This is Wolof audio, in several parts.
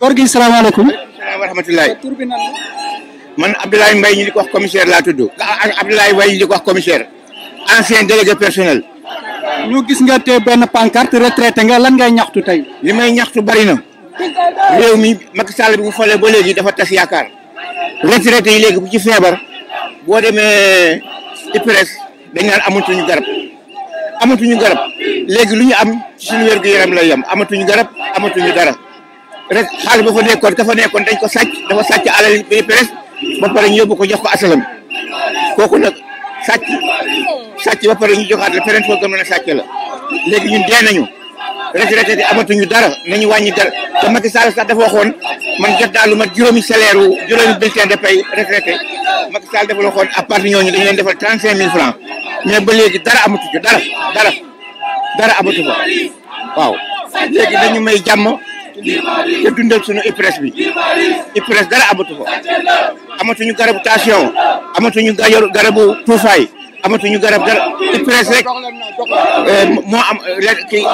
góor gi salaamaaleykum. wa rahmatulah. man Abdoulaye mbay ñu di ko wax commissaire laa tudd. Ah, ah, Abdoulaye Mbaye ñu di ko wax commissaire. ancien délégué personnel. ñu gis nga te benn pancarte retraité nga lan ngay ñaxtu tey. li may ñaxtu bari na. réew mi Macky Sall bi mu falee ba léegi dafa tas yaakaar. retraité yi léegi bu ci feebar. boo demee IPRES dañ naan amatuñu garab. amatuñu garab léegi lu ñu am ci suñu wér gu yaram lay yam amatuñu garab amatuñu dara. rek xaalis ba fa nekkoon dafa nekkoon dañ ko sàcc dafa sàcc alal bi presse ba pare ñu yóbbu ko jox ko asalam ku nag sàcc sàcc ba pare ñu joxaat la feneen foo gëm na sàcc la léegi ñu dee nañu retraité amatuñu dara nañu wàññi dara te Macky Sall sax dafa waxoon man jot naa lu mat juróomi salaire wu juróomi bulletin de paie retraité Macky Sall dafa waxoon à part ñooñu dañu leen defal trente cinq mille francs mais ba léegi dara amatu ci dara dara dara amatu fa waaw léegi dañu may jàmm te dundal suñu IPRES bi IPRES dara amatu ko amatuñu garabu tension amatuñu garabu tuufaay amatuñu garab dara IPRES rek eh, moo am kii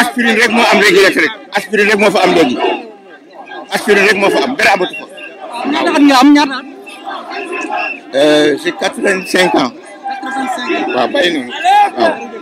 aspirine rek moo am léegi rek aspirine rek moo fa am léegi aspirine rek moo fa am dara amatu ko. ñaata am ñaata at. Eh, c'est quatre-vingt-cinq ans. waaw bàyyi noonu waaw.